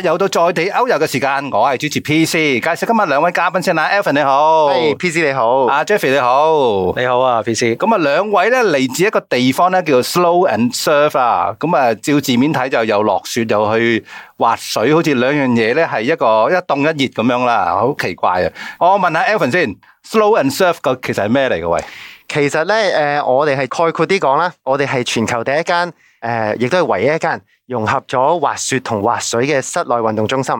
，又到在地歐遊嘅時間，我係主持 P C，介紹今日兩位嘉賓先啦，Alvin 你好，係、hey, and Surf and surf 誒，亦都係唯一一間融合咗滑雪同滑水嘅室內運動中心。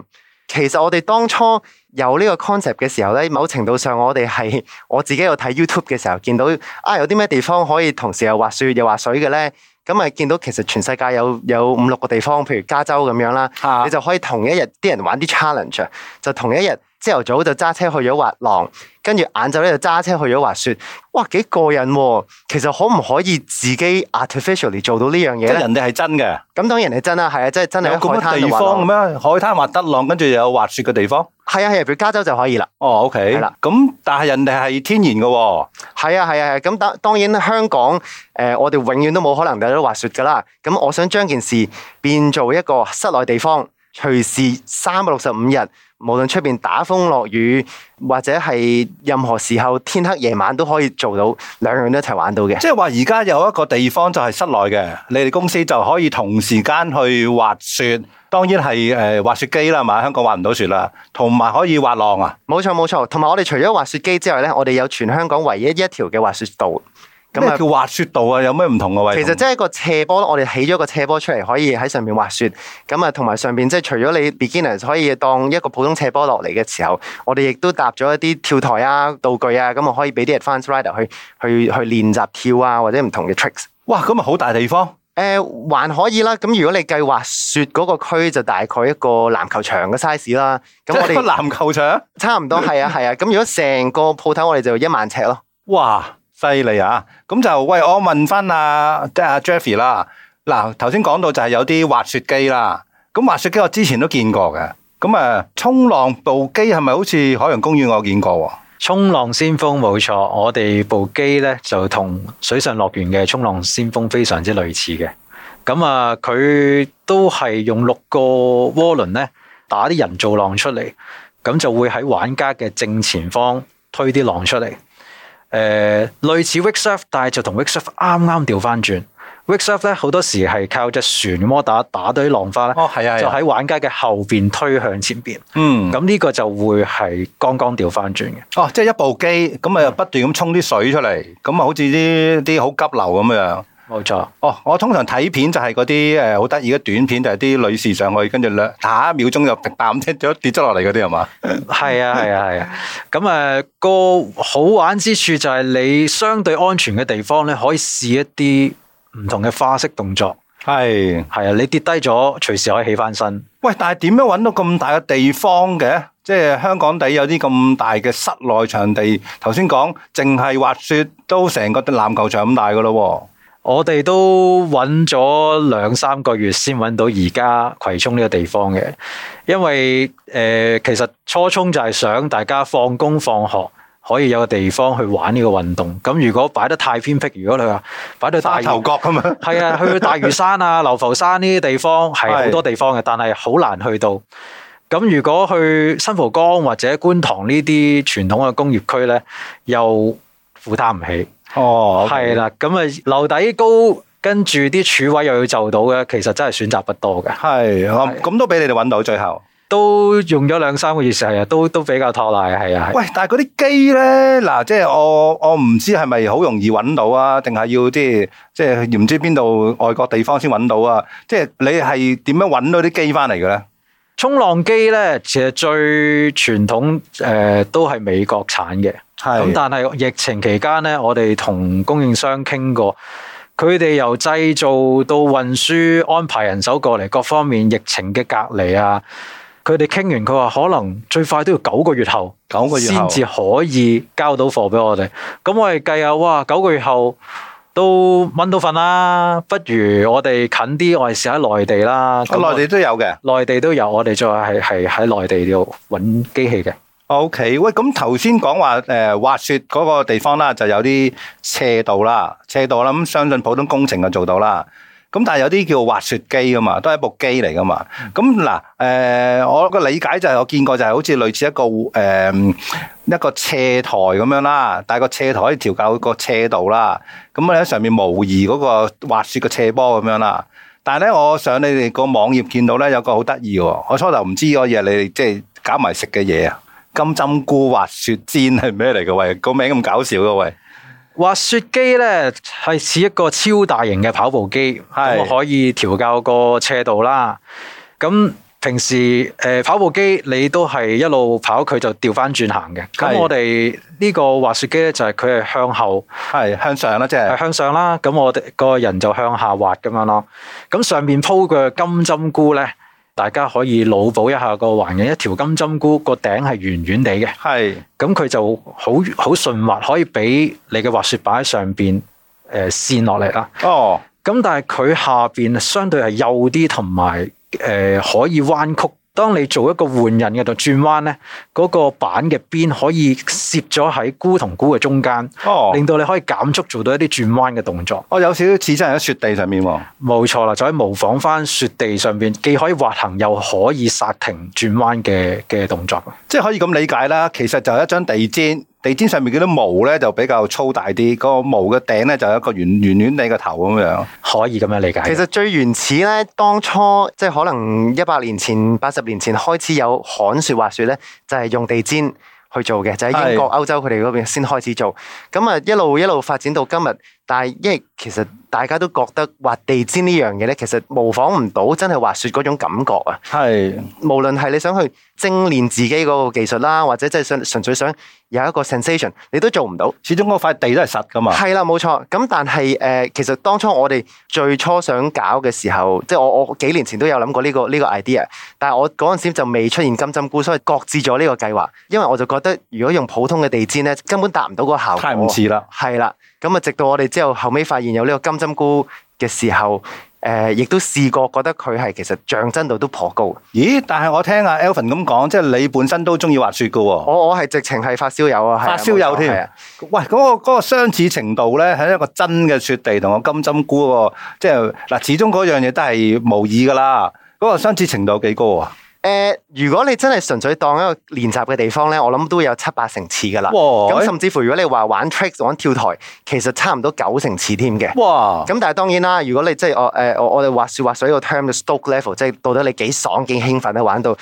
其實我哋當初有呢個 concept 嘅時候咧，某程度上我哋係我自己有睇 YouTube 嘅時候見到，啊有啲咩地方可以同時又滑雪又滑水嘅咧？咁咪見到其實全世界有有五六個地方，譬如加州咁樣啦，的你就可以同一日啲人玩啲 challenge，就同一日。朝頭早就揸車去咗滑浪，跟住晏晝咧就揸車去咗滑雪，哇，幾過癮！其實可唔可以自己 artificially 做到呢樣嘢？即人哋係真嘅。咁當然係真啦，係啊，即係真係一個地方嘅咩？海灘滑得浪，跟住又有滑雪嘅地方。係啊，係，譬如加州就可以啦。哦、oh，OK，係啦的。咁但係人哋係天然嘅。哦。係啊，係啊，係。咁當當然，香港誒、呃，我哋永遠都冇可能有得滑雪噶啦。咁我想將件事變做一個室內地方。隨時三百六十五日，無論出邊打風落雨，或者係任何時候天黑夜晚都可以做到，兩樣都一齊玩到嘅。即係話而家有一個地方就係室內嘅，你哋公司就可以同時間去滑雪，當然係誒、呃、滑雪機啦，係嘛？香港滑唔到雪啦，同埋可以滑浪啊！冇錯冇錯，同埋我哋除咗滑雪機之外咧，我哋有全香港唯一一條嘅滑雪道。咩、嗯、叫滑雪道啊？有咩唔同嘅位？其實即係一個斜坡，我哋起咗個斜坡出嚟，可以喺上面滑雪。咁、嗯、啊，同埋上面，即係除咗你 beginners 可以當一個普通斜坡落嚟嘅時候，我哋亦都搭咗一啲跳台啊、道具啊，咁、嗯、啊可以俾啲 advance rider 去去去練習跳啊，或者唔同嘅 tricks。哇！咁啊，好大地方。誒、呃，還可以啦。咁如果你計滑雪嗰個區，就大概一個籃球場嘅 size 啦。咁、嗯、即係個籃球場。差唔多係啊係啊。咁如果成個鋪頭我哋就一萬尺咯。哇！犀利啊！咁就喂，我問翻阿、啊、即係、啊、阿 Jeffrey 啦。嗱，頭先講到就係有啲滑雪機啦。咁滑雪機我之前都見過嘅。咁啊，衝浪部機係咪好似海洋公園我見過、啊？衝浪先鋒冇錯，我哋部機咧就同水上樂園嘅衝浪先鋒非常之類似嘅。咁啊，佢都係用六個渦輪咧打啲人造浪出嚟，咁就會喺玩家嘅正前方推啲浪出嚟。誒、呃，類似 wake surf，但係就同 wake surf 啱啱調翻轉。wake surf 咧好多時係靠隻船摩打打堆浪花咧，哦、就喺玩家嘅後邊推向前邊。嗯，咁呢個就會係剛剛調翻轉嘅。哦，即係一部機咁啊，不斷咁沖啲水出嚟，咁啊、嗯，好似啲啲好急流咁樣。冇錯，哦，我通常睇片就係嗰啲誒好得意嘅短片，就係啲女士上去，跟住兩下一秒鐘就跌淡，即係跌咗落嚟嗰啲係嘛？係啊係啊係啊，咁誒個好玩之處就係你相對安全嘅地方咧，可以試一啲唔同嘅花式動作。係係啊，你跌低咗，隨時可以起翻身。喂，但係點樣搵到咁大嘅地方嘅？即係香港地有啲咁大嘅室內場地。頭先講淨係滑雪都成個籃球場咁大噶咯。我哋都揾咗兩三個月先揾到而家葵涌呢個地方嘅，因為誒，其實初衷就係想大家放工放學可以有個地方去玩呢個運動。咁如果擺得太偏僻，如果你話擺到大頭角咁樣，係啊，去大嶼山啊、流浮山呢啲地方係好多地方嘅，但係好難去到。咁如果去新蒲崗或者觀塘呢啲傳統嘅工業區呢，又負擔唔起。哦，係、okay. 啦，咁啊樓底高，跟住啲柱位又要就到嘅，其實真係選擇不多嘅。係的，咁的都俾你哋搵到最後，都用咗兩三個月時間，都都比較拖拉係啊。喂，但係嗰啲機咧，嗱，即係我我唔知係咪好容易搵到啊，定係要即係即係唔知邊度外國地方先搵到啊？即係你係點樣搵到啲機翻嚟嘅咧？衝浪機咧，其實最傳統誒、呃、都係美國產嘅。咁係但係疫情期間咧，我哋同供應商傾過，佢哋由製造到運輸，安排人手過嚟，各方面疫情嘅隔離啊，佢哋傾完，佢話可能最快都要九個月後，九個月先至可以交到貨俾我哋。咁我哋計下，哇，九個月後都搵到份啦，不如我哋近啲，我哋試下內地啦。內地都有嘅，內地都有，有，我哋再係係喺內地度搵機器嘅。OK，喂，咁頭先講話誒、呃，滑雪嗰個地方啦，就有啲斜道啦，斜道啦，咁相信普通工程就做到啦。咁但係有啲叫滑雪機噶嘛，都係一部機嚟噶嘛。咁嗱，誒、呃，我個理解就係、是、我見過就係好似類似一個誒、呃、一個斜台咁樣啦，但係個斜台可以調教個斜度啦。咁我喺上面模擬嗰個滑雪個斜坡咁樣啦。但係咧，我上你哋個網頁見到咧，有個好得意，我初頭唔知個嘢，你即係搞埋食嘅嘢啊！金針菇滑雪氈係咩嚟噶？喂，個名咁搞笑噶喂！滑雪機咧係似一個超大型嘅跑步機，咁可以調校個斜度啦。咁平時誒跑步機你都係一路跑，佢就掉返轉行嘅。咁我哋呢個滑雪機咧就係佢係向後，係向上啦，即係向上啦。咁我哋個人就向下滑咁樣咯。咁上面鋪嘅金針菇咧。大家可以腦補一下個環境，一條金針菇個頂係圓圓哋嘅，係是，咁佢就好好順滑，可以俾你嘅滑雪板喺上邊，誒跣落嚟啦。哦，咁但係佢下邊相對係幼啲，同埋誒可以彎曲。當你做一個換人嘅度轉彎咧，嗰、那個板嘅邊可以攝咗喺菇同菇嘅中間，哦、令到你可以減速做到一啲轉彎嘅動作。我、哦、有少少似真係喺雪地上面喎。冇錯啦，就喺模仿翻雪地上邊，既可以滑行又可以刹停轉彎嘅嘅動作。即係可以咁理解啦，其實就係一張地氈，地氈上面嗰啲毛咧就比較粗大啲，嗰個毛嘅頂咧就有一個圓圓圓地個頭咁樣，可以咁樣理解。其實最原始咧，當初即係可能一百年前，八十年前開始有旱雪滑雪咧，就係用地氈去做嘅，就喺英國、歐洲佢哋嗰邊先開始做，咁啊一路一路發展到今日。但係，因為其實大家都覺得滑地氈呢樣嘢咧，其實模仿唔到真係滑雪嗰種感覺啊。係。是的 無論係你想去精練自己嗰個技術啦，或者真係想純粹想有一個 sensation，你都做唔到。始終嗰塊地都係實㗎嘛。係啦，冇錯。咁但係誒、呃，其實當初我哋最初想搞嘅時候，即係我我幾年前都有諗過呢、這個呢、這個 idea，但係我嗰陣時就未出現金針菇，所以擱置咗呢個計劃。因為我就覺得，如果用普通嘅地氈咧，根本達唔到嗰個效果。太唔似啦。係啦。咁啊，直到我哋之後後尾發現有呢個金針菇嘅時候，誒、呃，亦都試過覺得佢係其實象真度都頗高。咦？但係我聽阿 Alvin 咁講，即係你本身都中意滑雪噶喎、哦。我我係直情係發燒友啊，發燒友添。喂，嗰、嗰個、嗰個相似程度咧，係一個真嘅雪地同個金針菇，即係嗱，始終嗰樣嘢都係模擬噶啦。嗰、嗰個相似程度幾高啊？誒，如果你真係純粹當一個練習嘅地方咧，我諗都有七八成次噶啦。咁哇甚至乎如果你話玩 tricks、玩跳台，其實差唔多九成次添嘅。咁哇但係當然啦，如果你即係我誒，我我哋滑雪滑水個 term 嘅 stoke level，即係到底你幾爽幾興奮咧玩到？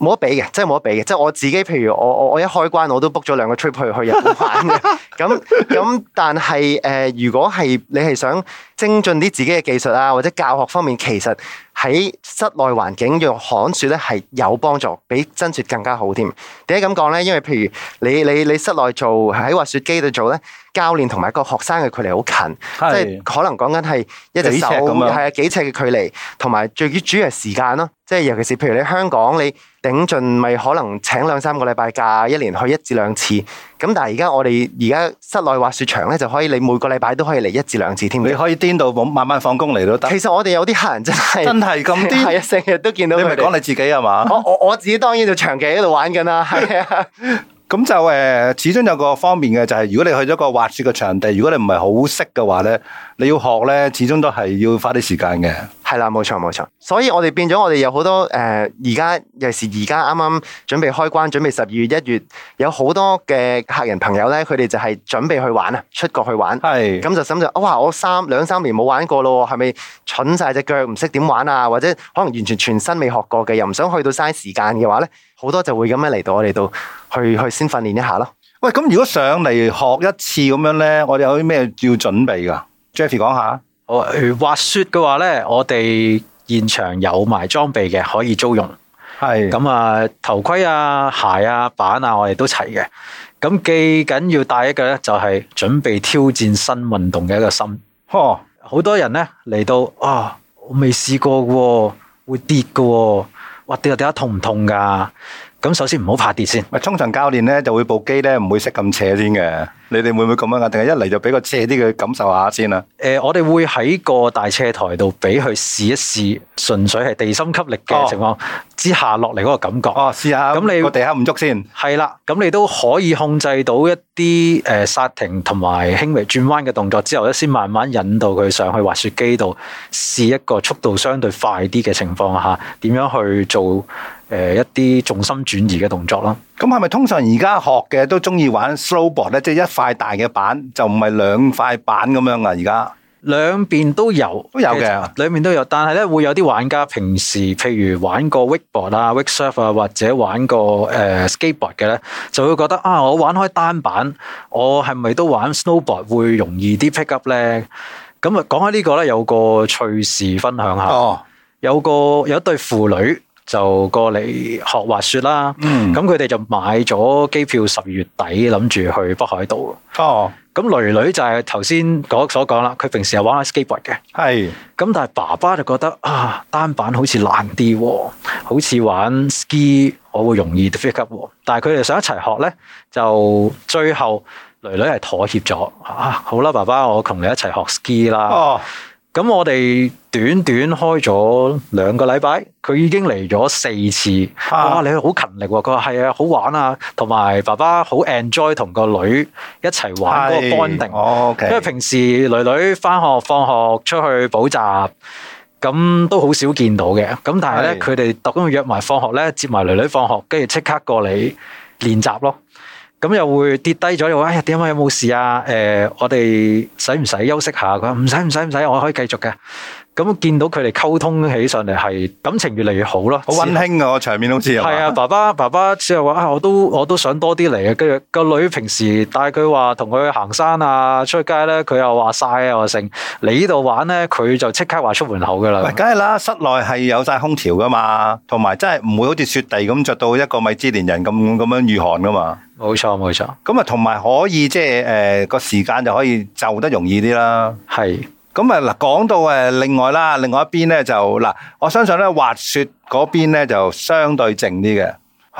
冇得比嘅，即係冇得比嘅。即係我自己，譬如我我我一開關，我都 book 咗兩個 trip 去去日本玩嘅。咁咁， 但係誒、呃，如果係你係想精進啲自己嘅技術啊，或者教學方面，其實喺室內環境用旱雪咧係有幫助，比真雪更加好添。點解咁講咧？因為譬如你你你室內做喺滑雪機度做咧，教練同埋個學生嘅距離好近，是即係可能講緊係一隻手咁樣係啊幾尺嘅距離，同埋最主要係時間咯。即係尤其是譬如你香港你。頂盡咪可能請兩三個禮拜假，一年去一至兩次。咁但係而家我哋而家室內滑雪場咧，就可以你每個禮拜都可以嚟一至兩次添。你可以顛到慢慢放工嚟都得。其實我哋有啲客人真係真係咁啲，顛， 成日都見到。你咪講你自己係嘛？我我我自己當然就長期喺度玩緊啦。 是啊 咁就誒，始終有個方面嘅就係、是，如果你去咗個滑雪嘅場地，如果你唔係好識嘅話咧，你要學咧，始終都係要花啲時間嘅。係啦，冇錯冇錯。所以我哋變咗，我哋有好多誒，而家尤其是而家啱啱準備開關，準備十二月一月，有好多嘅客人朋友咧，佢哋就係準備去玩啊，出國去玩。係的。咁就諗住，哇！我三兩三年冇玩過咯，係咪蠢晒隻腳唔識點玩啊？或者可能完全全新未學過嘅，又唔想去到嘥時間嘅話咧，好多就會咁樣嚟到我哋度。去去先訓練一下咯。喂，咁如果上嚟學一次咁樣咧，我哋有啲咩要準備噶？Jeffrey 講下。好，如滑雪嘅話咧，我哋現場有埋裝備嘅，可以租用。係咁啊，頭盔啊、鞋啊、板啊，我哋都齊嘅。咁記緊要帶一個咧，就係、是、準備挑戰新運動嘅一個心。嗬哈，好多人咧嚟到啊，我未試過，會跌嘅，哇跌下跌下痛唔痛噶？咁首先唔好怕跌先。通常教練咧，就會部機咧，唔會識咁斜先嘅。你哋會唔會咁樣啊？定係一嚟就俾個斜啲嘅感受下先啊？誒、呃，我哋會喺個大斜台度俾佢試一試，純粹係地心吸力嘅情況之下落嚟嗰個感覺。哦，試下。咁你個地下唔郁先。係啦你，咁、嗯、你都可以控制到一啲誒剎停同埋輕微轉彎嘅動作之後咧，先慢慢引導佢上去滑雪機度試一個速度相對快啲嘅情況下，點樣去做誒一啲重心轉移嘅動作咯？咁係咪通常而家學嘅都中意玩 snowboard 咧？即係一塊大嘅板，就唔係兩塊板咁樣啊？而家兩邊都有，都有嘅，其實，兩邊都有。但係咧，會有啲玩家平時譬如玩過 wakeboard 啊、wakesurf 啊，或者玩個誒、呃、skateboard 嘅咧，就會覺得啊，我玩開單板，我係咪都玩 snowboard 會容易啲 pick up 咧？咁啊，講開呢個咧，有個趣事分享下。哦，有個有一對父女，就過嚟學滑雪啦，咁佢哋就買咗機票，十二月底諗住去北海道。哦，咁囡囡就係頭先講所講啦，佢平時係玩 skateboard 嘅，係是，咁但係爸爸就覺得啊，單板好似難啲，好似玩 ski 我會容易 pick up，但係佢哋想一齊學咧，就最後囡囡係妥協咗，啊，好啦，爸爸我同你一齊學 ski 啦。哦咁我哋短短開咗兩個禮拜，佢已經嚟咗四次。哇！你佢好勤力喎。佢話係啊，好玩啊，同埋爸爸好 enjoy 同個女一齊玩嗰個 boarding。因為平時囡囡返學、放學出去補習，咁都好少見到嘅。咁但係咧，佢哋特登約埋放學咧，接埋囡囡放學，跟住即刻過嚟練習咯。咁又會跌低咗，又話：哎呀，點解，有冇事啊？誒、呃，我哋使唔使休息下？佢話唔使，唔使，唔使，我可以繼續嘅。咁見到佢哋溝通起上嚟係感情越嚟越好咯，好溫馨啊！個場面好似係啊，爸爸爸爸即係話啊，我都我都想多啲嚟啊。跟住個女平時帶佢話同佢去行山啊、出街咧，佢又話晒又盛嚟呢度玩咧，佢就即刻話出門口噶啦。唔係梗係啦，室內係有晒空調噶嘛，同埋真係唔會好似雪地咁着到一個米芝蓮人咁咁樣御寒噶嘛。冇錯冇錯，咁啊同埋可以即係誒個時間就可以就得容易啲啦。係。咁啊嗱，講到誒，另外啦，另外一邊咧就嗱，我相信咧滑雪嗰邊咧就相對靜啲嘅，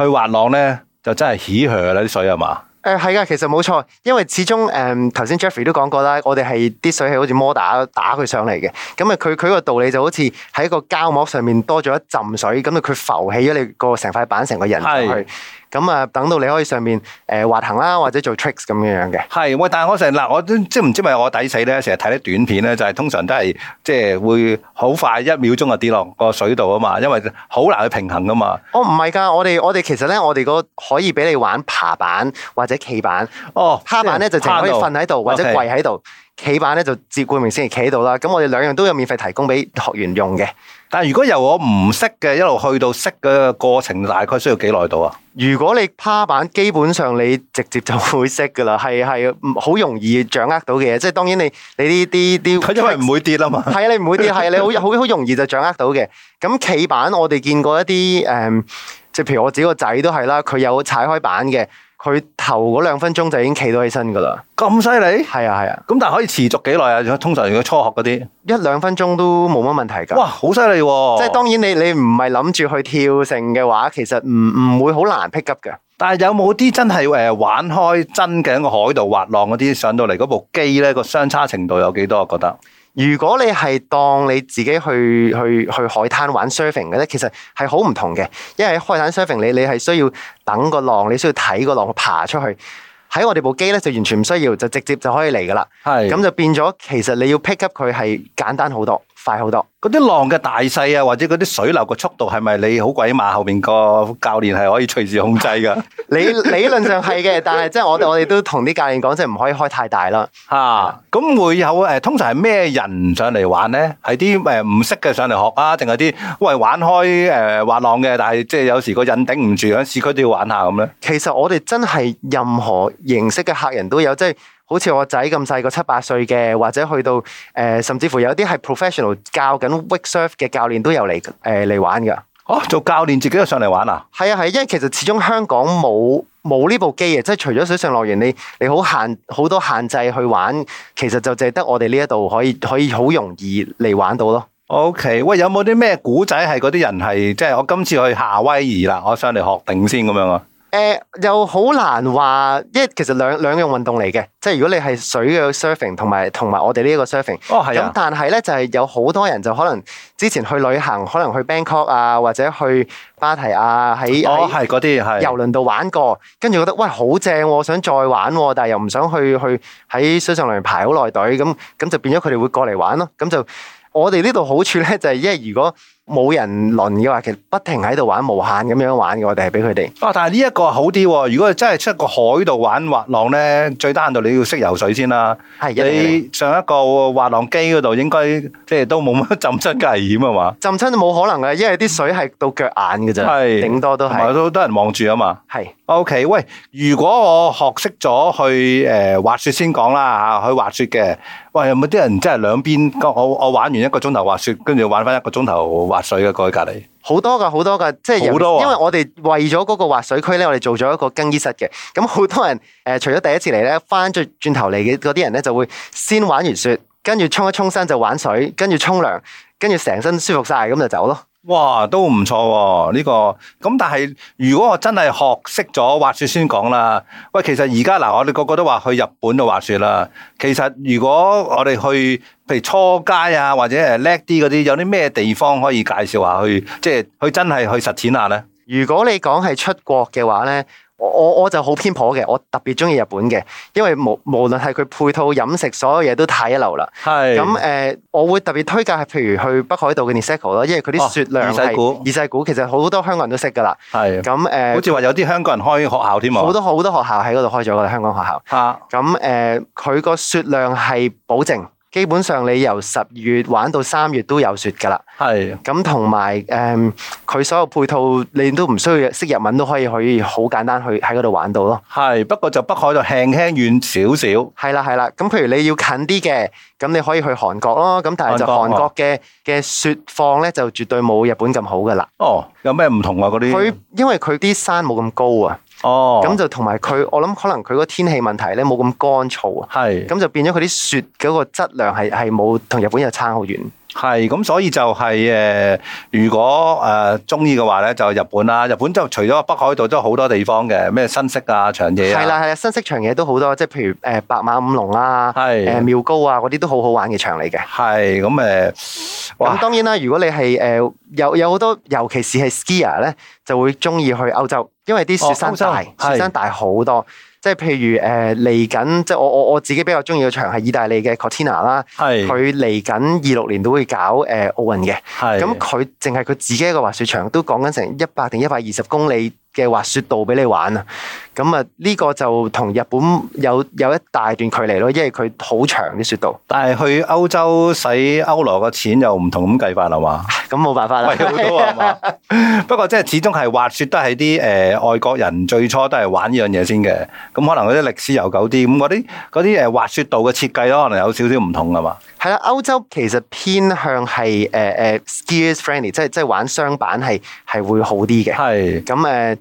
去滑浪咧就真係起殼啦，啲水係嘛？誒係噶，其實冇錯，因為始終誒頭、呃、先 Jeffrey 都講過啦，我哋係啲水係好似摩打打佢上嚟嘅，咁啊佢佢個道理就好似喺個膠膜上面多咗一浸水，咁啊佢浮起咗你個成塊板成個人落咁啊、嗯，等到你可以上面誒、呃、滑行啦，或者做 tricks 咁樣樣嘅。係，喂！但係我成日嗱，我都即唔知咪我，我抵死咧，成日睇啲短片咧，就係、是、通常都係即係會好快一秒鐘就跌落個水度啊嘛，因為好難去平衡噶嘛。我唔係㗎，我哋我哋其實咧，我哋個可以俾你玩爬板或者企板。哦，趴板咧的就淨可以瞓喺度或者跪喺度，企 okay. 板咧就顧名思義企喺度啦。咁我哋兩樣都有免費提供俾學員用嘅。但係如果由我唔識嘅一路去到識嘅過程，大概需要幾耐度啊？如果你趴板，基本上你直接就會識噶啦，係係好容易掌握到嘅嘢。即係當然你你呢啲啲，佢因為唔會跌啊嘛。係啊， 你唔會跌，係你好好好容易就掌握到嘅。咁企板，我哋見過一啲誒，即係譬如我自己個仔都係啦，佢有踩開板嘅。佢頭嗰兩分鐘就已經企到起身噶啦。咁犀利？係啊，係啊，咁、啊、但係可以持續幾耐啊？通常佢初學嗰啲一兩分鐘都冇乜問題噶。哇，好犀利喎！即係當然你你唔係諗住去跳繩嘅話，其實唔唔會好難 pick up 嘅。但係有冇啲真係誒玩開真嘅喺個海度滑浪嗰啲上到嚟嗰部機咧、嗰個相差程度有幾多我覺得？如果你係當你自己去去去海灘玩 surfing 嘅咧，其實係好唔同嘅，因為喺海灘 surfing 你你係需要等個浪，你需要睇個浪爬出去，喺我哋部機咧就完全唔需要，就直接就可以嚟噶啦。係是，咁就變咗，其實你要 pick up 佢係簡單好多。快好多，嗰啲浪嘅大細啊，或者嗰啲水流嘅速度係咪你好鬼馬？後邊個教練係可以隨時控制噶？ 理理論上係嘅，但係即係我我哋都同啲教練講，即係唔可以開太大啦。吓、啊，咁會有誒，通常係咩人上嚟玩咧？係啲誒唔識嘅上嚟學啊，定係啲喂玩開誒滑浪嘅？但係即係有時個人頂唔住，響市區都要玩下咁咧。其實我哋真係任何形式嘅客人都有，即係。好似我仔咁細個七八歲嘅，或者去到誒、呃，甚至乎有啲係 professional 教緊 wake surf 嘅教練都有嚟誒嚟玩㗎。哦，做教練自己又上嚟玩啊？係啊係，因為其實始終香港冇冇呢部機啊，即係除咗水上樂園，你你好限好多限制去玩，其實就淨係得我哋呢一度可以可以好容易嚟玩到咯。OK，喂，有冇啲咩古仔係嗰啲人係即係我今次去夏威夷啦，我上嚟學定先咁樣啊？誒、呃、又好難話，因為其實兩兩樣運動嚟嘅，即係如果你係水嘅 surfing，同埋同埋我哋呢個 surfing。哦，係啊。咁但係咧，就係、是、有好多人就可能之前去旅行，可能去 Bangkok 啊，或者去芭提亞喺哦，嗰啲係遊輪度玩過，跟住覺得喂好正喎，想再玩喎、啊，但係又唔想去去喺水上樂園排好耐隊，咁咁就變咗佢哋會過嚟玩咯、啊。咁就我哋呢度好處咧、就是，就係因為如果。冇人輪嘅話，其實不停喺度玩無限咁樣玩嘅，我哋係俾佢哋。啊，但係呢一個好啲喎。如果真係出個海度玩滑浪咧，最低限度你要識游水先啦。係，你上一個滑浪機嗰度應該即係都冇乜浸親嘅危險啊嘛？浸親都冇可能嘅，因為啲水係到腳眼嘅啫。係，頂多都係。同埋都多人望住啊嘛。係。O K，喂，如果我學識咗去誒滑雪先講啦嚇，去滑雪嘅。喂，有冇啲人真係兩邊，我我玩完一個鐘頭滑雪，跟住玩返一個鐘頭滑水嘅過喺隔籬？好多㗎，好多㗎，即係，人多啊，因為我哋為咗嗰個滑水區咧，我哋做咗一個更衣室嘅。咁好多人，呃、除咗第一次嚟咧，返轉頭嚟嘅嗰啲人咧，就會先玩完雪，跟住沖一沖身就玩水，跟住沖涼，跟住成身舒服晒，咁就走咯。哇，都唔錯喎，呢個。咁但係如果我真係學識咗滑雪先講啦。喂，其實而家嗱，我哋個個都話去日本度滑雪啦。其實如果我哋去，譬如初階啊，或者係叻啲嗰啲，有啲咩地方可以介紹下去？去即係去真係去實踐下呢。如果你講係出國嘅話呢。我我就好偏頗嘅，我特別中意日本嘅，因為無無論係佢配套飲食，所有嘢都太一流啦。係咁誒，我會特別推介係譬如去北海道嘅 Niseko 咯，因為佢啲雪量係二世古，二世古、哦、其實好多香港人都識噶啦。係咁誒，呃、好似話有啲香港人開學校添嘛，好多好多學校喺嗰度開咗個香港學校。嚇咁誒，佢個，呃、雪量係保證。基本上你由十月玩到三月都有雪噶啦是的，係咁，同埋誒佢所有配套你都唔需要識日文都可以可以好簡單去喺嗰度玩到咯。係，不過就北海就輕輕遠少少。係啦係啦，咁譬如你要近啲嘅，咁你可以去韓國咯。咁但係就韓國嘅嘅、啊、雪況咧就絕對冇日本咁好噶啦。哦，有咩唔同啊？嗰啲佢因為佢啲山冇咁高啊。哦，咁就同埋佢，我諗可能佢嗰個天氣問題咧冇咁乾燥啊，咁是的 就變咗佢啲雪嗰個質量係係冇同日本又差好遠。係，咁所以就係、是、誒、呃，如果誒中意嘅話咧，就日本啦。日本就除咗北海道，都有好多地方嘅，咩新潟啊、長野。啊。係啦，係啊，新潟長野都好多，即係譬如誒、呃、白馬五龍啦、啊，誒妙的、呃、高啊嗰啲都好好玩嘅場嚟嘅。係，咁誒，咁、呃、當然啦。如果你係誒、呃、有有好多，尤其是係 ski 咧，就會中意去歐洲，因為啲雪山大，哦、雪山大好多。的呃、即係譬如誒嚟緊，即係我我我自己比較中意嘅場係意大利嘅 Cortina 啦，佢嚟緊二六年都會搞誒奧運嘅，咁佢淨係佢自己一個滑雪場都講緊成一百定一百二十公里。嘅滑雪道俾你玩啊！咁啊，呢個就同日本有有一大段距離咯，因為佢好長啲雪道。但係去歐洲使歐羅個錢又唔同咁計法係嘛？咁冇、 啊、辦法啦，貴好多係嘛？ 是吧 不過即係始終係滑雪都係啲誒外國人最初都係玩呢樣嘢先嘅。咁可能嗰啲歷史悠久啲，咁嗰啲啲誒滑雪道嘅設計咯，可能有少少唔同㗎嘛。係啦，歐洲其實偏向係誒誒 ski friendly，即係即係玩雙板係係會好啲嘅是的。係咁誒，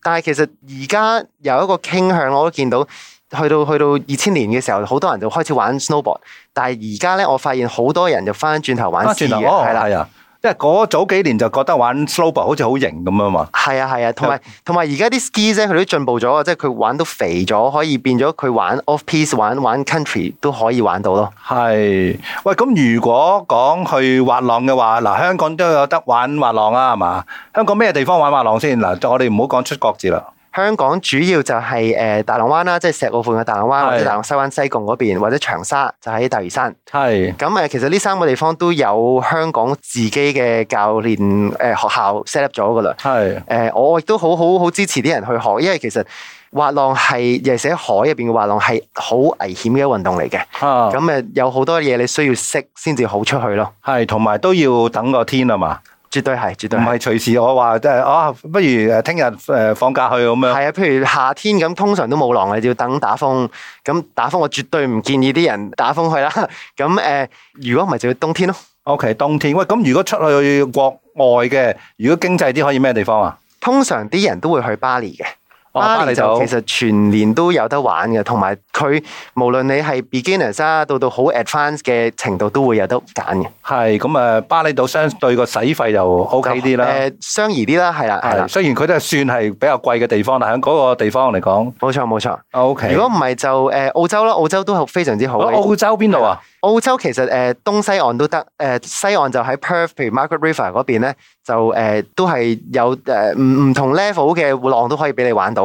但係其實而家有一個傾向我都見到，去到去到二千年嘅時候，好多人就開始玩 snowboard，但係而家咧，我發現好多人就翻轉頭玩 ski 嘅，係啦，係啊。對了 即係嗰早幾年就覺得玩 slope 好似好型咁啊嘛，係啊係啊，同埋同埋而家啲 ski 咧佢都進步咗啊！即係佢玩到肥咗，可以變咗佢玩 off-piste 玩玩 country 都可以玩到咯。係，喂咁如果講去滑浪嘅話，嗱，香港都有得玩滑浪啊，係嘛？香港咩地方玩滑浪先？嗱，我哋唔好講出國字啦。香港主要就係誒，大浪灣啦，即係石澳附近嘅大浪灣，是的 或者大浪西灣、西貢嗰邊，或者長沙，就喺大嶼山。係咁啊，其實呢三個地方都有香港自己嘅教練誒，學校 set up 咗噶啦。係誒是的，我亦都好好好支持啲人去學，因為其實滑浪係尤其是喺海入邊嘅滑浪係好危險嘅運動嚟嘅。咁啊，有好多嘢你需要識先至好出去咯。係，同埋都要等個天啊嘛。絕對係，絕對唔係隨時我話即係啊，不如誒聽日誒放假去咁樣。係啊，譬如夏天咁，通常都冇浪，浪，要等打風。咁打風我絕對唔建議啲人打風去啦。咁誒、呃，如果唔係就要冬天咯。OK，冬天。喂，咁如果出去國外嘅，如果經濟啲可以咩地方啊？通常啲人都會去峇里嘅。巴厘島其實全年都有得玩嘅，同埋佢無論你係 beginners 啊，到到好 a d v a n c e 嘅程度都會有得揀嘅。係咁啊，巴厘島相對個使費就 OK 啲啦。誒，相、呃、宜啲啦，係啦，係啦。雖然佢都係算係比較貴嘅地方，但係喺嗰個地方嚟講，冇錯冇錯。OK。如果唔係就誒、呃、澳洲啦，澳洲都係非常之好、啊、澳洲邊度啊？澳洲其實誒、呃、東西岸都得，誒、呃、西岸就喺 p e r f h 譬如 Margaret River 嗰邊咧，就誒、呃、都係有誒唔唔同 level 嘅浪都可以俾你玩到。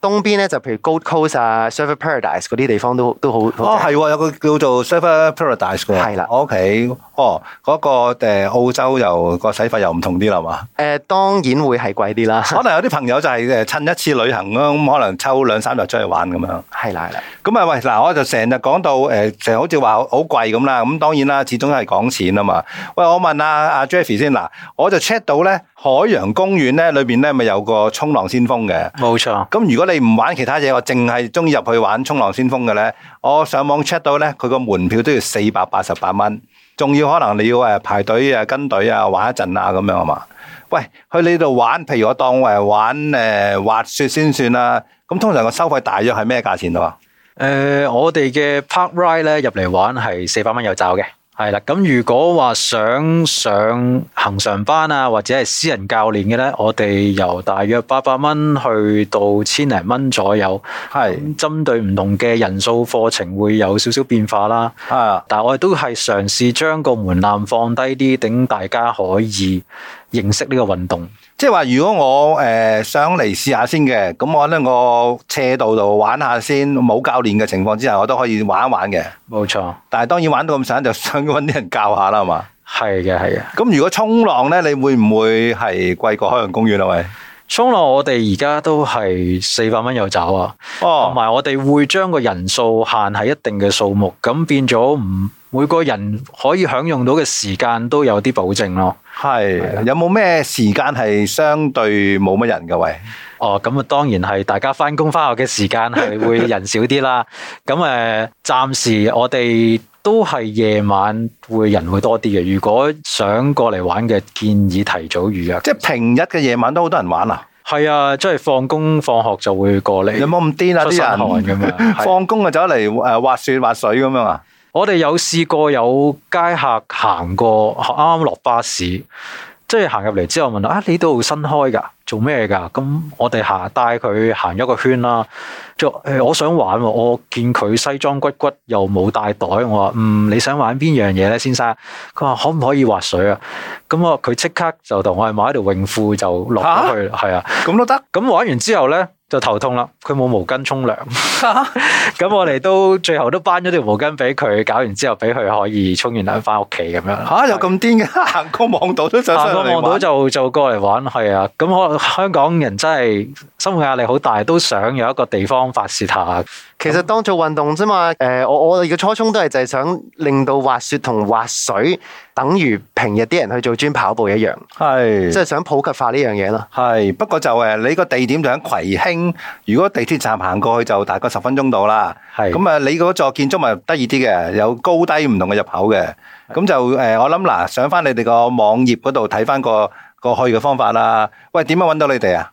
東邊咧就譬如 Gold Coast 啊、uh、Surfer Paradise 嗰啲地方都都好哦，係有個叫做 Surfer Paradise 嘅。係啦，我屋企哦，嗰、那個誒、呃、澳洲又個使費又唔同啲啦，係嘛？誒、呃，當然會係貴啲啦，可能有啲朋友就係誒趁一次旅行啊，咁 可能抽兩三日出去玩咁樣，係啦係啦。咁啊喂，嗱，我就成日講到誒、成、呃、日好似話好貴咁啦，咁、嗯、當然啦，始終係講錢啊嘛。喂，我問下阿 Jeffrey 先，嗱，我就 check 到咧。海洋公園咧，裏邊咧咪有個衝浪先鋒嘅，冇錯。咁如果你唔玩其他嘢，我淨係中意入去玩衝浪先鋒嘅咧，我上網 check 到咧，佢個門票都要四百八十八蚊，仲要可能你要誒排隊啊、跟隊啊玩一陣啊咁樣啊嘛。喂，去你度玩，譬如我當誒玩誒滑雪先算啦。咁通常個收費大約係咩價錢啊？誒、呃，我哋嘅 park ride 咧入嚟玩係四百蚊有找嘅。係啦，咁如果話想上恒常班啊，或者係私人教練嘅呢，我哋由大約八百蚊去到千零蚊左右，係針對唔同嘅人數課程會有少少變化啦。啊，但係我哋都係嘗試將個門檻放低啲，等大家可以認識呢個運動。即係話，如果我誒想嚟試下先嘅，咁我喺個斜道度玩下先，冇教練嘅情況之下，我都可以玩一玩嘅。冇錯，但係當然玩到咁上，就想搵啲人教下啦，係嘛？係嘅，係嘅。咁如果衝浪咧，你會唔會係貴過海洋公園啊？喂，衝浪我哋而家都係四百蚊有找啊，同埋我哋會將個人數限喺一定嘅數目，咁變咗唔每個人可以享用到嘅時間都有啲保證咯。係有冇咩時間係相對冇乜人噶喂？哦，咁啊，當然係大家翻工、翻學嘅時間係會人少啲啦、 嗯。咁誒，暫時我哋都係夜晚會人會多啲嘅。如果想過嚟玩嘅，建議提早預約。即係平日嘅夜晚都好多人玩啊？係啊，即係放工放學就會過嚟。有冇咁癲啊？啲人出晒汗咁樣，放工啊走嚟誒滑雪滑水咁樣啊？我哋有試過有街客行過啱啱落巴士，即係行入嚟之後問啦，啊，呢度新開噶，做咩噶？咁我哋行帶佢行咗個圈啦。就誒、哎，我想玩，我見佢西裝骨骨又冇帶袋，我話：嗯，你想玩邊樣嘢咧，先生？佢話可唔可以滑水啊？咁我話佢即刻就同我哋買一條泳褲就落咗去，係啊。咁都得。咁玩完之後咧？就頭痛啦！佢冇毛巾沖涼，咁、啊、 我哋都最後都搬咗條毛巾俾佢，搞完之後俾佢可以沖完涼返屋企咁樣。吓、啊，有咁癲嘅，對行過望到都上望到就就過嚟玩，係啊！咁可能香港人真係。生活壓力好大，都想有一個地方發泄下。其實當做運動啫嘛。誒、呃，我我哋嘅初衷都係就係想令到滑雪同滑水等於平日啲人去做專跑步一樣。係是，即係想普及化呢樣嘢咯。係。不過就誒，你個地點就喺葵興。如果地鐵站行過去就大概十分鐘到啦。係是。咁啊，你嗰座建築物得意啲嘅，有高低唔同嘅入口嘅。咁是就誒、呃，我諗嗱，上翻你哋個網頁嗰度睇翻個過去嘅方法啦。喂，點樣搵到你哋啊？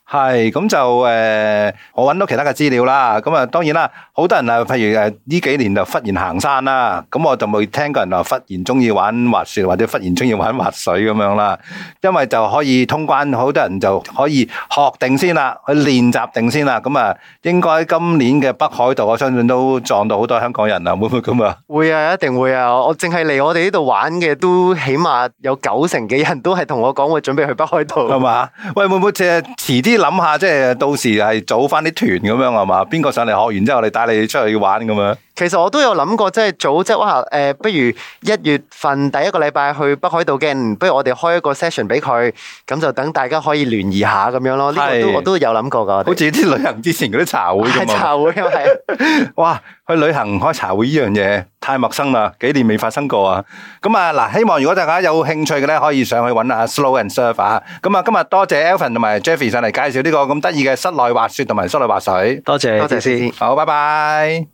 係咁就誒，我揾到其他嘅資料啦。咁啊，當然啦，好多人啊，譬如誒呢幾年就忽然行山啦。咁我就冇聽過人話忽然中意玩滑雪，或者忽然中意玩滑水咁樣啦。因為就可以通關，好多人就可以學定先啦，去練習定先啦。咁啊，應該今年嘅北海道，我相信都撞到好多香港人啊！會唔會咁啊？會啊，一定會啊！我淨係嚟我哋呢度玩嘅，都起碼有九成幾人都係同我講會準備去北海道，係嘛？喂，會唔會即係遲啲？諗下，即係到時係組翻啲團咁樣係嘛？邊個上嚟學完之後我哋帶你出去玩咁樣。其實我都有諗過，即係組織哇，誒，不如一月份第一個禮拜去北海道嘅，不如我哋開一個 session 俾佢，咁就等大家可以聯誼下咁樣咯。呢個都我都有諗過噶。好似啲旅行之前嗰啲茶會咁啊。茶會係啊，哇，去旅行開茶會呢樣嘢太陌生啦，幾年未發生過啊。咁啊嗱，希望如果大家有興趣嘅咧，可以上去揾阿 Snow and Surf。咁啊，今日多謝 Alvin 同埋 Jeffrey 上嚟介紹呢個咁得意嘅室內滑雪同埋室內滑水。多謝多謝先，好，拜拜。